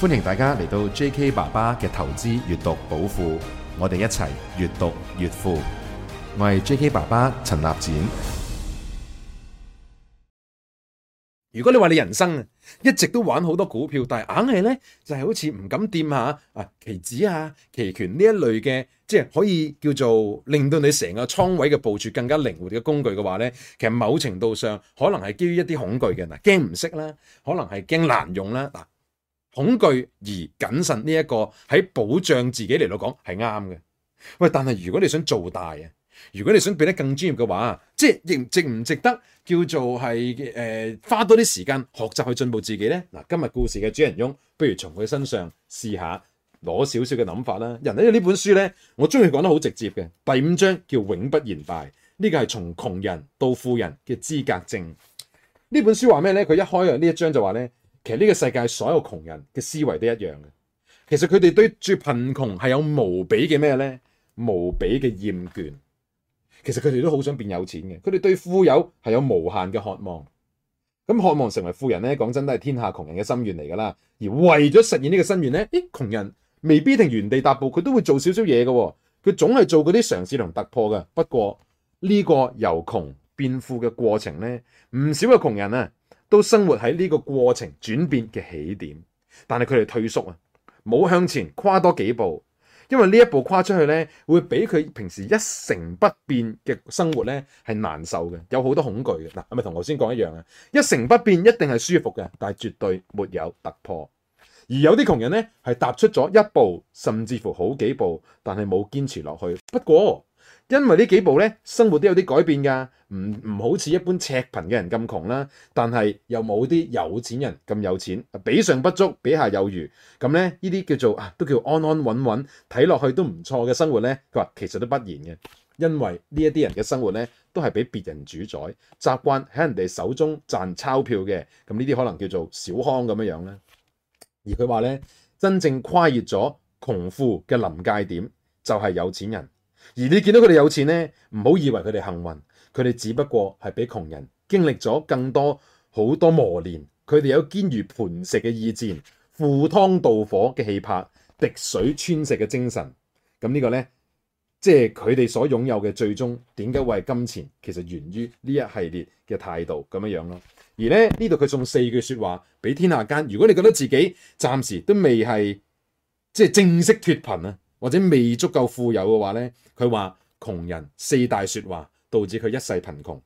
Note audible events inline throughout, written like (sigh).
歡迎大家嚟到 J.K. 爸爸嘅投資閱讀寶庫，我哋一齊閱讀越富。我係 J.K. 爸爸陳立展。如果你話你人生啊，一直都玩好多股票，但係硬係咧就係、是、好似唔敢掂下啊期指啊期權呢一類嘅，即係可以叫做令到你成個倉位嘅部署更加靈活嘅工具嘅話咧，其實某程度上可能係基於一啲恐懼嘅嗱，驚唔識啦，可能係驚難用啦嗱。恐懼而謹慎呢一個喺保障自己嚟到講係啱嘅。喂，但係如果你想做大啊，如果你想變得更專業嘅話，即係值唔值唔值得叫做係誒、呃、花多啲時間學習去進步自己呢？嗱，今日故事嘅主人翁，不如從佢身上試下攞少少嘅諗法啦。人咧呢本書呢，我中意講得好直接嘅。第五章叫永不言敗，呢個係從窮人到富人嘅資格證。呢本書話咩呢？佢一開呢一章就話呢。其實呢個世界所有窮人嘅思維都一樣嘅，其實佢哋對住貧窮係有無比嘅咩呢？無比嘅厭倦。其實佢哋都好想變有錢嘅，佢哋對富有係有無限嘅渴望。咁渴望成為富人呢，講真都係天下窮人嘅心願嚟噶啦。而為咗實現呢個心願呢，誒，窮人未必定原地踏步，佢都會做少少嘢嘅。佢總係做嗰啲嘗試同突破嘅。不過呢個由窮變富嘅過程呢，唔少嘅窮人啊，都生活喺呢個過程轉變嘅起點，但係佢哋退縮啊，冇向前跨多幾步，因為呢一步跨出去咧，會比佢平時一成不變嘅生活咧係難受嘅，有好多恐懼嘅嗱，係咪同頭先講一樣啊？一成不變一定係舒服嘅，但係絕對沒有突破。而有啲窮人咧係踏出咗一步，甚至乎好幾步，但係冇堅持落去。不過，因為呢幾部咧，生活都有啲改變㗎，唔唔好似一般赤貧嘅人咁窮啦，但係又冇啲有，有錢人咁有錢，比上不足，比下有餘，咁咧呢啲叫做啊，都叫安安穩穩，睇落去都唔錯嘅生活咧。佢話其實都不然嘅，因為呢一啲人嘅生活咧，都係俾別人主宰，習慣喺人哋手中賺鈔票嘅，咁呢啲可能叫做小康咁樣樣啦。而佢話咧，真正跨越咗窮富嘅臨界點，就係有錢人。而你見到佢哋有錢呢，唔好以為佢哋幸運，佢哋只不過係比窮人經歷咗更多好多磨練，佢哋有堅如磐石嘅意志、赴湯蹈火嘅氣魄、滴水穿石嘅精神。咁呢個呢，即係佢哋所擁有嘅最終點解會係金錢，其實源於呢一系列嘅態度咁樣樣咯。而咧呢度佢送四句説話俾天下間，如果你覺得自己暫時都未係即係正式脱貧啊。或者未足夠富有嘅話呢，佢話窮人四大説話導致佢一世貧窮，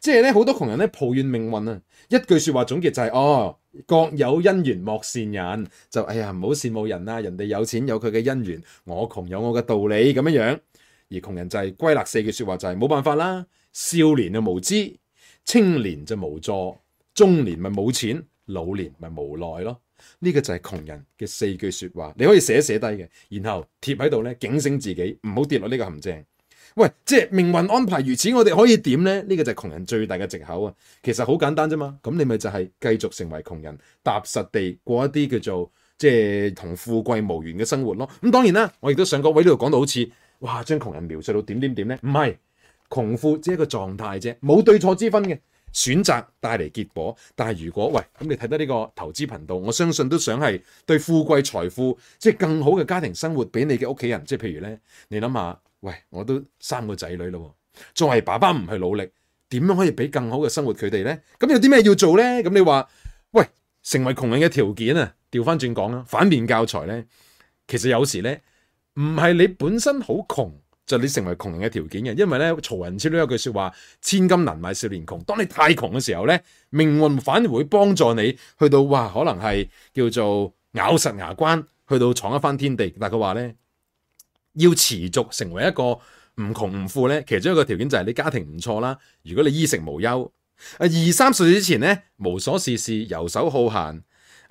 即係咧好多窮人咧抱怨命運啊！一句説話總結就係、是、哦，各有因緣莫羨人，就哎呀唔好羨慕人啦，人哋有錢有佢嘅因緣，我窮有我嘅道理咁樣樣。而窮人就係、是、歸納四句説話就係、是、冇辦法啦，少年就無知，青年就無助，中年咪冇錢，老年咪無奈咯。呢個就係窮人嘅四句說話，你可以寫寫低嘅，然後貼喺度咧，警醒自己唔好跌落呢個陷阱。喂，即係命運安排如此，我哋可以點咧？呢、這個就係窮人最大嘅借口啊！其實好簡單啫嘛，咁你咪就係繼續成為窮人，踏實地過一啲叫做即係同富貴無緣嘅生活咯。咁當然啦，我亦都想各位呢度講到好似，哇！將窮人描述到點點點咧，唔係窮富只係一個狀態啫，冇對錯之分嘅。選擇帶嚟結果，但係如果喂，咁你睇得呢個投資頻道，我相信都想係對富貴財富，即係更好嘅家庭生活俾你嘅屋企人。即係譬如呢，你諗下，喂，我都三個仔女咯，作為爸爸唔去努力，點樣可以俾更好嘅生活佢哋呢？咁有啲咩要做呢？咁你話，喂，成為窮人嘅條件啊，調返轉講啊，反面教材呢，其實有時呢，唔係你本身好窮。就你成為窮人嘅條件嘅，因為咧曹仁超都有句説話：千金難買少年窮。當你太窮嘅時候咧，命運反而會幫助你去到哇，可能係叫做咬實牙關去到闖一番天地。但佢話咧，要持續成為一個唔窮唔富咧，其中一個條件就係你家庭唔錯啦。如果你衣食無憂，啊二三歲之前咧，無所事事，遊手好閒。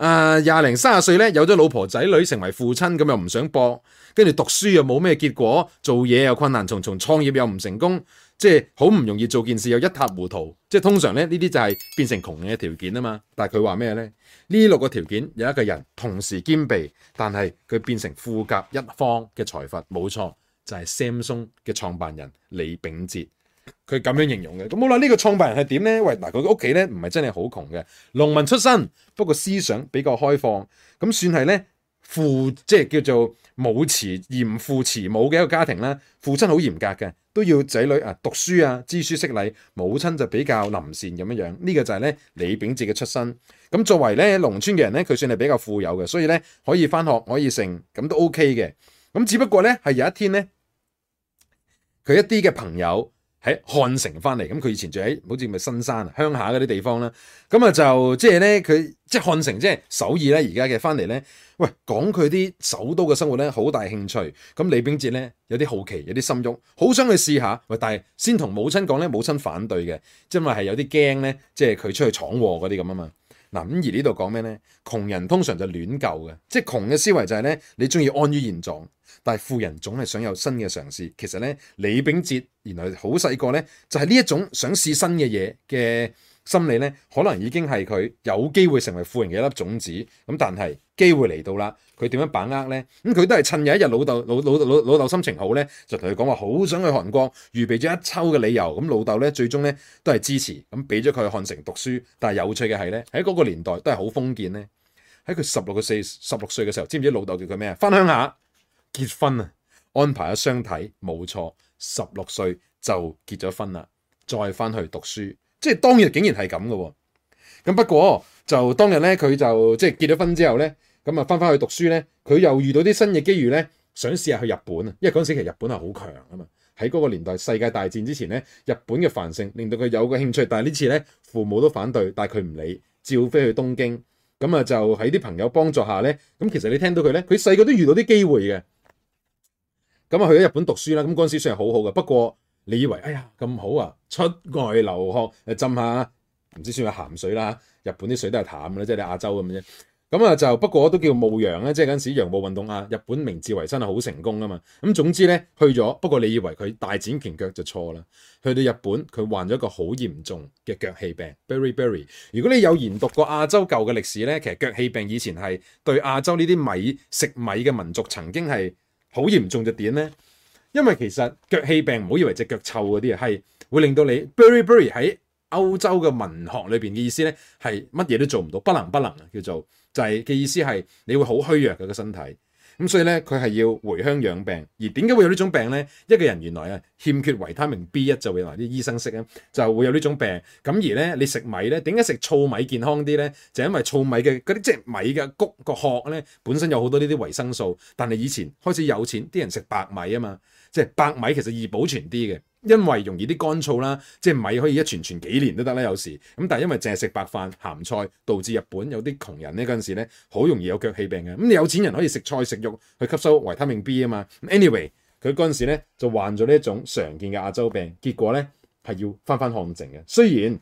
誒，廿零三十歲咧，有咗老婆仔女，成為父親，咁又唔想搏，跟住讀書又冇咩結果，做嘢又困難重重，創業又唔成功，即係好唔容易做件事又一塌糊塗，即係通常咧呢啲就係變成窮嘅條件啊嘛。但係佢話咩咧？呢六個條件有一個人同時兼備，但係佢變成富甲一方嘅財閥，冇錯就係、是、Samsung 嘅創辦人李秉喆。佢咁樣形容嘅。咁好啦，呢、這個創辦人係點呢？喂，嗱，佢嘅屋企咧唔係真係好窮嘅，農民出身，不過思想比較開放，咁算係咧父即係叫做母慈嚴父慈母嘅一個家庭啦。父親好嚴格嘅，都要仔女啊讀書啊知書識禮，母親就比較臨善咁樣樣。呢、這個就係咧李秉喆嘅出身。咁作為咧農村嘅人咧，佢算係比較富有嘅，所以咧可以翻學，可以成，咁都 OK 嘅。咁只不過咧係有一天咧，佢一啲嘅朋友。喺漢城翻嚟，咁佢以前住喺好似咪新山啊鄉下嗰啲地方啦。咁啊就即係咧佢即係漢城即係首爾咧而家嘅翻嚟咧，喂，講佢啲首都嘅生活咧好大興趣，咁李秉喆咧有啲好奇，有啲心喐，好想去試下喂，但係先同母親講咧，母親反對嘅，因為係有啲驚咧，即係佢出去闖禍嗰啲咁啊嘛。嗱，而呢度講咩咧？窮人通常就亂舊嘅，即係窮嘅思維就係咧，你中意安於現狀，但係富人總係想有新嘅嘗試。其實咧，李秉喆原來好細個咧，就係、是、呢一種想試新嘅嘢嘅。心理咧，可能已經係佢有機會成為富人嘅一粒種子。咁但係機會嚟到啦，佢點樣把握咧？咁、嗯、佢都係趁有一日老豆老老老老豆心情好咧，就同佢講話好想去韓國，預備咗一抽嘅理由。咁老豆咧最終咧都係支持，咁俾咗佢去漢城讀書。但係有趣嘅係咧，喺嗰個年代都係好封建咧。喺佢十六個四十六歲嘅時候，知唔知老豆叫佢咩啊？翻鄉下結婚啊，安排咗相睇，冇錯，十六歲就結咗婚啦，再翻去讀書。即係當日竟然係咁嘅喎。咁不過就當日咧，佢就即係結咗婚之後咧，咁啊返返去讀書咧，佢又遇到啲新嘅機遇咧，想試下去日本啊。因為嗰陣時其實日本係好強啊嘛。喺嗰個年代，世界大戰之前咧，日本嘅繁盛令到佢有個興趣。但係呢次咧，父母都反對，但係佢唔理，照飛去東京。咁啊就喺啲朋友幫助下咧，咁其實你聽到佢咧，佢細個都遇到啲機會嘅。咁啊去咗日本讀書啦。咁嗰陣時算係好好嘅，不過。你以為哎呀咁好啊？出外留學，誒浸下唔知算唔算鹹水啦？日本啲水都係淡嘅啦，即係你亞洲咁嘅啫。咁啊就不過都叫慕洋咧，即係嗰陣時洋務運動啊。日本明治維新係好成功啊嘛。咁總之咧，去咗。不過你以為佢大展拳腳就錯啦。去到日本，佢患咗一個好嚴重嘅腳氣病。Beriberi。如果你有研讀過亞洲舊嘅歷史咧，其實腳氣病以前係對亞洲呢啲米食米嘅民族曾經係好嚴重嘅點咧。因為其實腳氣病唔好以為只腳臭嗰啲啊，係會令到你 beri beri 喺歐洲嘅文學裏邊嘅意思咧，係乜嘢都做唔到，不能不能啊，叫做就係、是、嘅意思係你會好虛弱嘅個身體。咁所以咧，佢係要回鄉養病。而點解會有呢種病咧？一個人原來啊欠缺維他命 B 一，就會來啲醫生識啊，就會有呢種病。咁而咧，你食米咧，點解食糙米健康啲咧？就因為糙米嘅嗰啲即係米嘅穀個殼咧，本身有好多呢啲維生素。但係以前開始有錢啲人食白米啊嘛。即係白米其實易保存啲嘅，因為容易啲乾燥啦。即係米可以一存存幾年都得啦，有時。咁但係因為淨係食白飯、鹹菜，導致日本有啲窮人咧嗰陣時咧，好容易有腳氣病嘅。咁、嗯、你有錢人可以食菜食肉去吸收維他命 B 啊嘛。anyway，佢嗰陣時咧就患咗呢一種常見嘅亞洲病，結果咧係要返返漢城嘅。雖然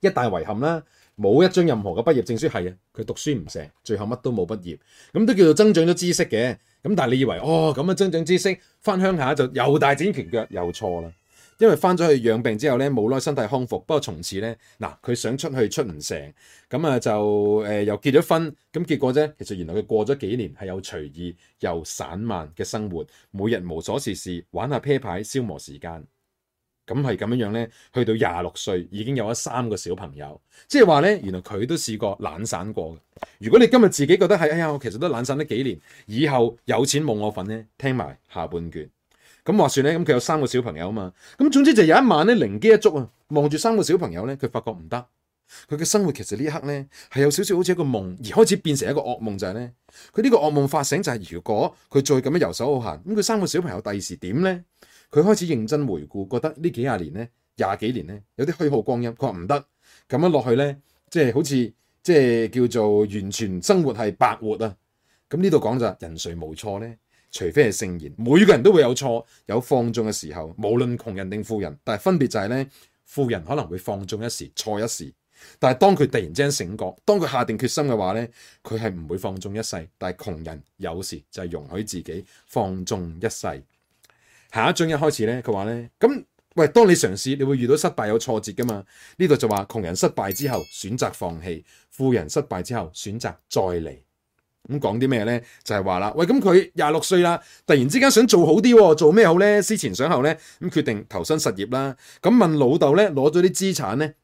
一大遺憾啦。冇一張任何嘅畢業證書，係啊，佢讀書唔成，最後乜都冇畢業，咁都叫做增長咗知識嘅。咁但係你以為哦咁樣增長知識，翻鄉下就又大展拳腳又錯啦。因為翻咗去養病之後咧，冇耐身體康復，不過從此咧嗱，佢想出去出唔成，咁啊就誒、呃、又結咗婚，咁結果啫，其實原來佢過咗幾年係有隨意又散漫嘅生活，每日無所事事，玩下啤牌消磨時間。咁係咁樣樣咧，去到廿六歲已經有咗三個小朋友，即係話咧，原來佢都試過懶散過。如果你今日自己覺得係，哎呀，我其實都懶散咗幾年，以後有錢冇我份咧，聽埋下半段。咁、嗯、話說咧，咁佢有三個小朋友啊嘛，咁總之就有一晚咧，靈機一觸啊，望住三個小朋友咧，佢發覺唔得，佢嘅生活其實一刻呢刻咧係有少少好似一個夢，而開始變成一個噩夢就係、是、咧，佢呢個噩夢發醒就係、是、如果佢再咁樣遊手好閒，咁佢三個小朋友第二時點咧？佢開始認真回顧，覺得呢幾十年呢，廿幾年呢，有啲虛耗光陰。佢話唔得，咁樣落去呢，即係好似即係叫做完全生活係白活啊！咁呢度講就係人誰無錯呢？除非係聖賢。每個人都會有錯，有放縱嘅時候，無論窮人定富人，但係分別就係呢：富人可能會放縱一時，錯一時。但係當佢突然之間醒覺，當佢下定決心嘅話呢，佢係唔會放縱一世。但係窮人有時就係容許自己放縱一世。下一章一開始咧，佢話咧，咁喂，當你嘗試，你會遇到失敗有挫折噶嘛？呢度就話窮人失敗之後選擇放棄，富人失敗之後選擇再嚟。咁、嗯、講啲咩咧？就係話啦，喂，咁佢廿六歲啦，突然之間想做好啲，做咩好咧？思前想後咧，咁決定投身實業啦。咁問老豆咧，攞咗啲資產咧，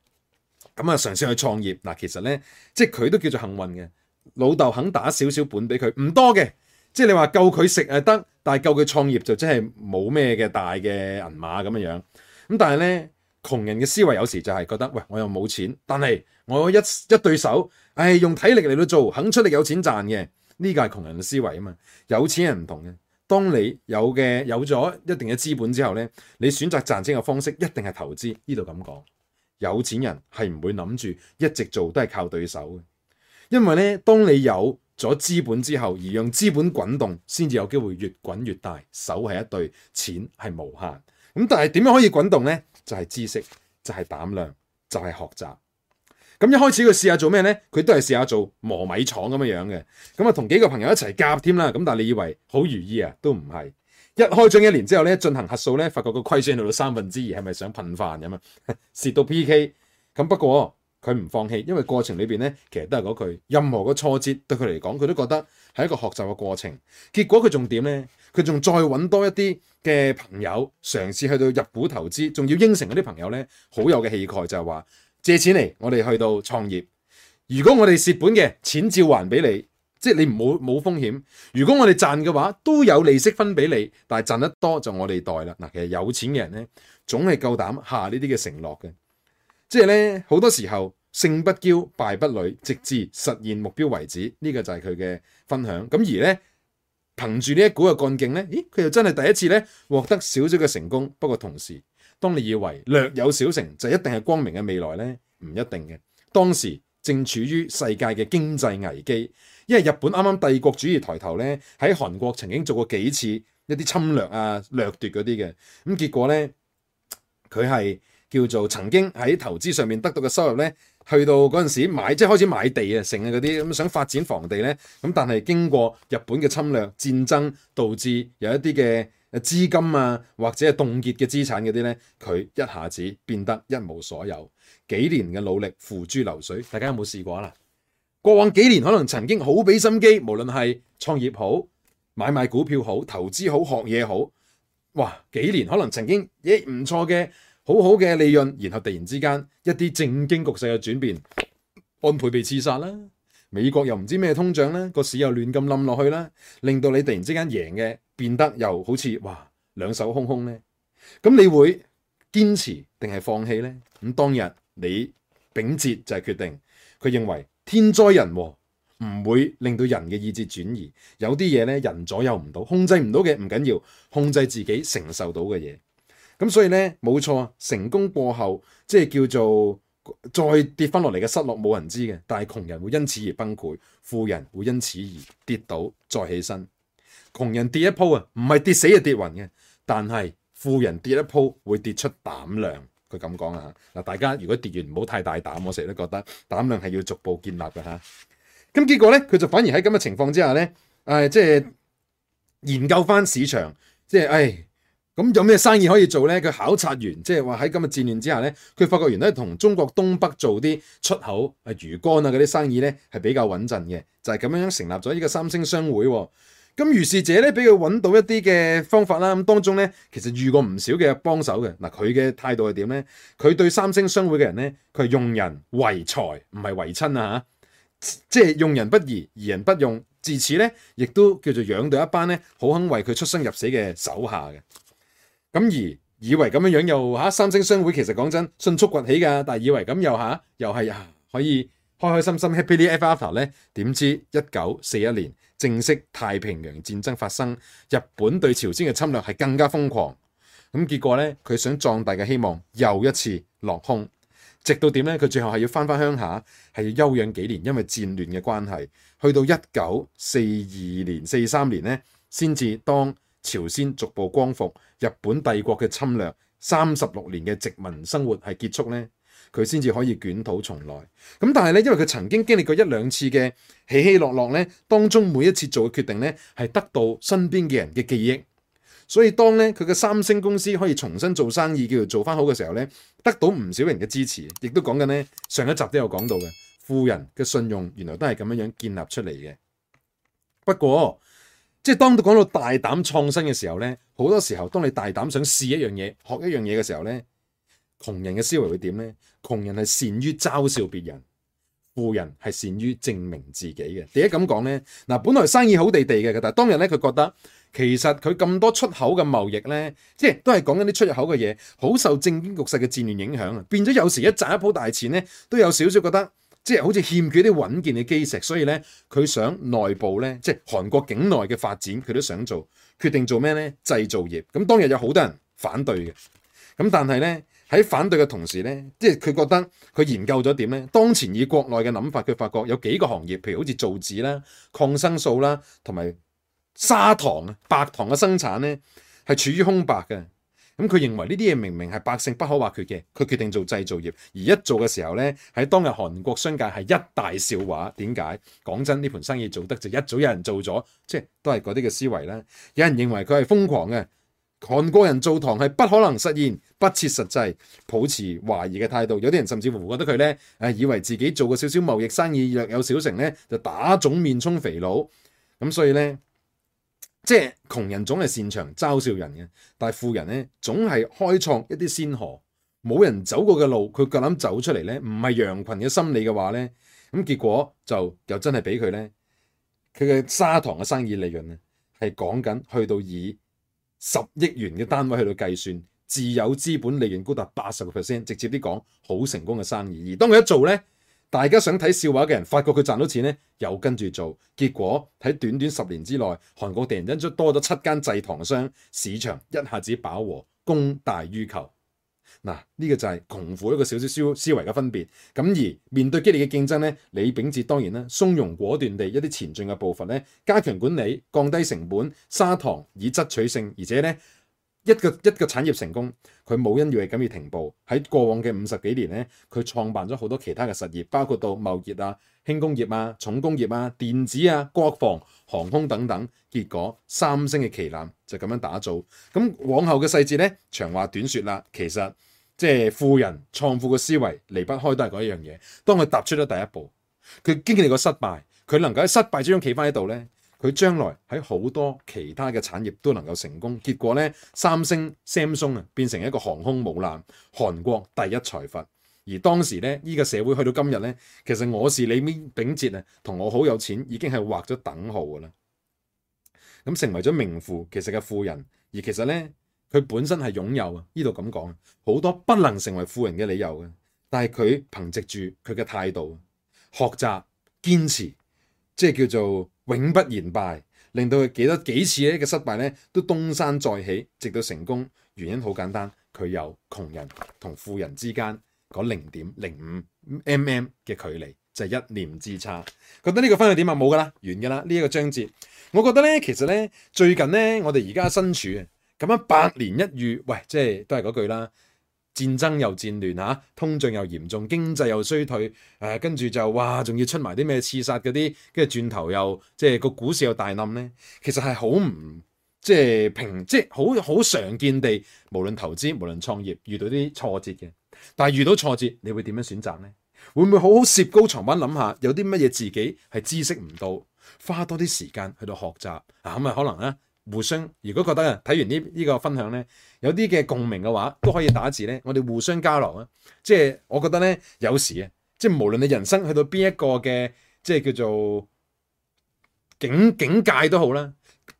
咁啊嘗試去創業。嗱，其實咧，即係佢都叫做幸運嘅，老豆肯打少少本俾佢，唔多嘅，即係你話夠佢食就得。但係舊嘅創業就真係冇咩嘅大嘅銀碼咁樣樣，咁但係咧窮人嘅思維有時就係覺得喂，我又冇錢，但係我一一對手，誒、哎、用體力嚟到做，肯出力有錢賺嘅，呢個係窮人嘅思維啊嘛，有錢人唔同嘅。當你有嘅有咗一定嘅資本之後咧，你選擇賺錢嘅方式一定係投資呢度咁講，有錢人係唔會諗住一直做都係靠對手嘅，因為咧當你有。咗資本之後，而用資本滾動，先至有機會越滾越大。手係一對，錢係無限。咁但係點樣可以滾動呢？就係知識，就係膽量，就係學習。咁一開始佢試下做咩呢？佢都係試下做磨米廠咁樣樣嘅。咁啊，同幾個朋友一齊夾添啦。咁但係你以為好如意啊？都唔係。一開張一年之後咧，進行核數咧，發覺個虧損到到三分之二，係咪想噴飯咁啊？蝕 (laughs) 到 PK。咁不過，佢唔放棄，因為過程裏邊呢，其實都係嗰句，任何個挫折對佢嚟講，佢都覺得係一個學習嘅過程。結果佢仲點呢，佢仲再揾多一啲嘅朋友嘗試去到入股投資，仲要應承嗰啲朋友呢，好有嘅氣概就係話借錢嚟，我哋去到創業。如果我哋蝕本嘅，錢照還俾你，即係你唔冇冇風險。如果我哋賺嘅話，都有利息分俾你，但係賺得多就我哋袋啦。嗱，其實有錢嘅人呢，總係夠膽下呢啲嘅承諾嘅。即係咧，好多時候，勝不驕，敗不餒，直至實現目標為止，呢、這個就係佢嘅分享。咁而咧，憑住呢一股嘅幹勁咧，咦，佢又真係第一次咧獲得少少嘅成功。不過同時，當你以為略有小成就一定係光明嘅未來咧，唔一定嘅。當時正處於世界嘅經濟危機，因為日本啱啱帝國主義抬頭咧，喺韓國曾經做過幾次一啲侵略啊、掠奪嗰啲嘅。咁、嗯、結果咧，佢係。叫做曾經喺投資上面得到嘅收入呢，去到嗰陣時買即係開始買地啊、成日嗰啲咁想發展房地呢。咁但係經過日本嘅侵略戰爭，導致有一啲嘅資金啊或者係凍結嘅資產嗰啲呢，佢一下子變得一無所有。幾年嘅努力付諸流水，大家有冇試過啊？嗱，過往幾年可能曾經好俾心機，無論係創業好、買賣股票好、投資好、學嘢好，哇！幾年可能曾經亦唔錯嘅。好好嘅利潤，然後突然之間一啲政經局勢嘅轉變，安倍被刺殺啦，美國又唔知咩通脹咧，個市又亂咁冧落去啦，令到你突然之間贏嘅變得又好似哇兩手空空咧，咁你會堅持定係放棄呢？咁當日李秉喆就係決定，佢認為天災人禍唔會令到人嘅意志轉移，有啲嘢咧人左右唔到、控制唔到嘅唔緊要，控制自己承受到嘅嘢。咁所以咧冇錯，成功過後即係叫做再跌翻落嚟嘅失落冇人知嘅，但係窮人會因此而崩潰，富人會因此而跌倒再起身。窮人跌一鋪啊，唔係跌死就跌暈嘅，但係富人跌一鋪會跌出膽量。佢咁講啊，嗱，大家如果跌完唔好太大膽，我成日都覺得膽量係要逐步建立嘅嚇。咁、啊、結果咧，佢就反而喺咁嘅情況之下咧，誒、哎、即係研究翻市場，即係誒。哎咁有咩生意可以做咧？佢考察完，即係話喺今日戰亂之下咧，佢發覺原來同中國東北做啲出口啊魚乾啊嗰啲生意咧係比較穩陣嘅，就係咁樣樣成立咗呢個三星商會。咁如是者咧，俾佢揾到一啲嘅方法啦。咁當中咧，其實遇過唔少嘅幫手嘅。嗱，佢嘅態度係點咧？佢對三星商會嘅人咧，佢係用人唯才，唔係為親啊吓。即係用人不疑，疑人不用。自此咧，亦都叫做養到一班咧好肯為佢出生入死嘅手下嘅。咁而以為咁樣樣又嚇三星商會，其實講真迅速崛起㗎，但係以為咁又嚇又係啊，可以開開心心 happy life after 咧？點知一九四一年正式太平洋戰爭發生，日本對朝鮮嘅侵略係更加瘋狂。咁結果咧，佢想壯大嘅希望又一次落空。直到點咧？佢最後係要翻返鄉下，係要休養幾年，因為戰亂嘅關係。去到一九四二年、四三年咧，先至當。朝鮮逐步光復，日本帝國嘅侵略，三十六年嘅殖民生活係結束。呢，佢先至可以捲土重來。咁但係咧，因為佢曾經經歷，歷過一兩次嘅起起落落，呢當中每一次做嘅決定呢，係得到身邊嘅人嘅記憶。所以當呢，佢嘅三星公司可以重新做生意，叫做做翻好嘅時候呢，得到唔少人嘅支持，亦都講緊呢，上一集都有講到嘅，富人嘅信用原來都係咁樣樣建立出嚟嘅。不過，即係當到講到大膽創新嘅時候咧，好多時候當你大膽想試一樣嘢、學一樣嘢嘅時候咧，窮人嘅思維會點咧？窮人係善於嘲笑別人，富人係善於證明自己嘅。點解咁講咧，嗱，本來生意好地地嘅，但係當日咧佢覺得其實佢咁多出口嘅貿易咧，即係都係講緊啲出入口嘅嘢，好受政經局勢嘅戰亂影響啊，變咗有時一賺一鋪大錢咧，都有少少覺得。即係好似欠缺啲穩健嘅基石，所以咧佢想內部咧，即係韓國境內嘅發展，佢都想做，決定做咩咧？製造業。咁當日有好多人反對嘅，咁但係咧喺反對嘅同時咧，即係佢覺得佢研究咗點咧？當前以國內嘅諗法，佢發覺有幾個行業，譬如好似造紙啦、抗生素啦，同埋砂糖啊、白糖嘅生產咧，係處於空白嘅。咁佢認為呢啲嘢明明係百姓不可或缺嘅，佢決定做製造業，而一做嘅時候呢，喺當日韓國商界係一大笑話。點解？講真，呢盤生意做得就一早有人做咗，即係都係嗰啲嘅思維啦。有人認為佢係瘋狂嘅，韓國人做糖係不可能實現，不切實際，抱持懷疑嘅態度。有啲人甚至乎覺得佢呢，誒、啊、以為自己做過少少貿易生意，略有小成呢，就打腫面充肥佬。咁所以呢。即係窮人總係擅長嘲笑人嘅，但係富人咧，總係開創一啲先河，冇人走過嘅路，佢夠膽走出嚟咧，唔係羊群嘅心理嘅話咧，咁結果就又真係俾佢咧，佢嘅砂糖嘅生意利潤咧係講緊去到以十億元嘅單位去到計算，自有資本利潤高達八十個 percent，直接啲講好成功嘅生意。而當佢一做咧，大家想睇笑話嘅人，發覺佢賺到錢咧，又跟住做。結果喺短短十年之內，韓國突然間出多咗七間製糖商，市場一下子飽和，供大於求。嗱，呢個就係窮富一個小小思維嘅分別。咁而面對激烈嘅競爭咧，李秉喆當然啦，從容果斷地一啲前進嘅步伐咧，加強管理，降低成本，砂糖以質取勝，而且咧。一個一個產業成功，佢冇因要係咁而停步。喺過往嘅五十幾年咧，佢創辦咗好多其他嘅實業，包括到貿易啊、輕工業啊、重工業啊、電子啊、國防、航空等等。結果三星嘅旗艦就咁樣打造。咁往後嘅細節咧，長話短説啦。其實即係、就是、富人創富嘅思維，離不開都係嗰一樣嘢。當佢踏出咗第一步，佢經歷過失敗，佢能夠喺失敗之中企返喺度咧。佢將來喺好多其他嘅產業都能夠成功，結果咧三星、Samsung 啊變成一個航空母艦，韓國第一財閥。而當時咧，呢個社會去到今日咧，其實我是李秉喆啊，同我好有錢已經係畫咗等號噶啦。咁成為咗名副其實嘅富人。而其實咧，佢本身係擁有啊，呢度咁講啊，好多不能成為富人嘅理由嘅。但係佢憑藉住佢嘅態度、學習、堅持，即係叫做。永不言敗，令到佢幾多幾次嘅失敗咧，都東山再起，直到成功。原因好簡單，佢有窮人同富人之間嗰零點零五 mm 嘅距離，就係、是、一念之差。覺得呢個分量點啊，冇㗎喇，完㗎喇。呢、這、一個章節，我覺得咧，其實咧，最近咧，我哋而家身處咁樣百年一遇，喂，即係都係嗰句啦。戰爭又戰亂嚇，通脹又嚴重，經濟又衰退，誒、啊，跟住就哇，仲要出埋啲咩刺殺嗰啲，跟住轉頭又即係個股市又大冧咧。其實係好唔即係平，即係好好常見地，無論投資無論創業遇到啲挫折嘅，但係遇到挫折你會點樣選擇咧？會唔會好好攝高床板諗下，有啲乜嘢自己係知識唔到，花多啲時間去到學習嗱咁啊？可能咧、啊。互相，如果覺得啊睇完呢呢個分享咧，有啲嘅共鳴嘅話，都可以打字咧，我哋互相交流啊！即係我覺得咧，有時啊，即係無論你人生去到邊一個嘅即係叫做境境界都好啦，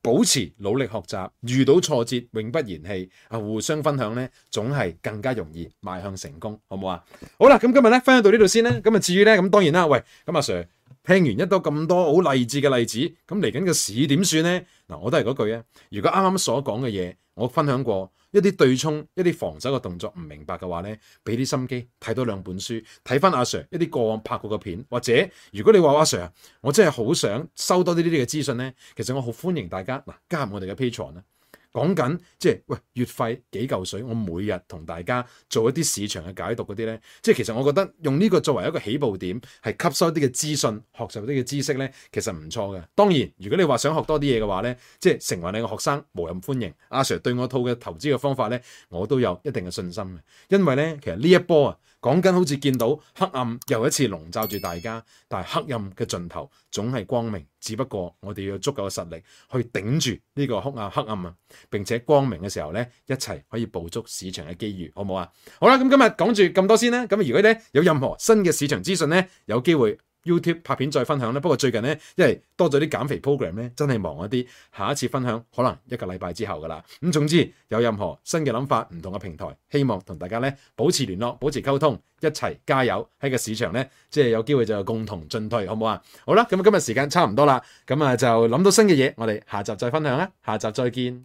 保持努力學習，遇到挫折永不言棄啊！互相分享咧，總係更加容易邁向成功，好唔好啊？好啦，咁今日咧分享到呢度先啦。咁啊，至於咧，咁當然啦，喂，咁阿 Sir。聽完一多咁多好勵志嘅例子，咁嚟緊個市點算呢？嗱，我都係嗰句啊。如果啱啱所講嘅嘢我分享過一啲對沖、一啲防守嘅動作唔明白嘅話咧，俾啲心機睇多兩本書，睇翻阿 Sir 一啲過往拍過嘅片，或者如果你話阿 Sir 我真係好想收多啲呢啲嘅資訊咧，其實我好歡迎大家嗱加入我哋嘅 Patreon 啊。講緊即係喂，月費幾嚿水？我每日同大家做一啲市場嘅解讀嗰啲咧，即係其實我覺得用呢個作為一個起步點，係吸收啲嘅資訊、學習啲嘅知識咧，其實唔錯嘅。當然，如果你話想學多啲嘢嘅話咧，即係成為你嘅學生無任歡迎。阿 Sir 對我套嘅投資嘅方法咧，我都有一定嘅信心嘅，因為咧其實呢一波啊。講緊好似見到黑暗又一次籠罩住大家，但係黑暗嘅盡頭總係光明，只不過我哋要有足夠嘅實力去頂住呢個黑暗，黑暗啊，並且光明嘅時候咧，一齊可以捕捉市場嘅機遇，好唔好啊？好啦，咁今日講住咁多先啦，咁如果咧有任何新嘅市場資訊咧，有機會。YouTube 拍片再分享咧，不過最近咧，因為多咗啲減肥 program 咧，真係忙一啲。下一次分享可能一個禮拜之後㗎喇。咁總之有任何新嘅諗法、唔同嘅平台，希望同大家咧保持聯絡、保持溝通，一齊加油喺個市場咧，即係有機會就有共同進退，好唔好啊？好啦，咁今日時間差唔多啦，咁啊就諗到新嘅嘢，我哋下集再分享啦，下集再見。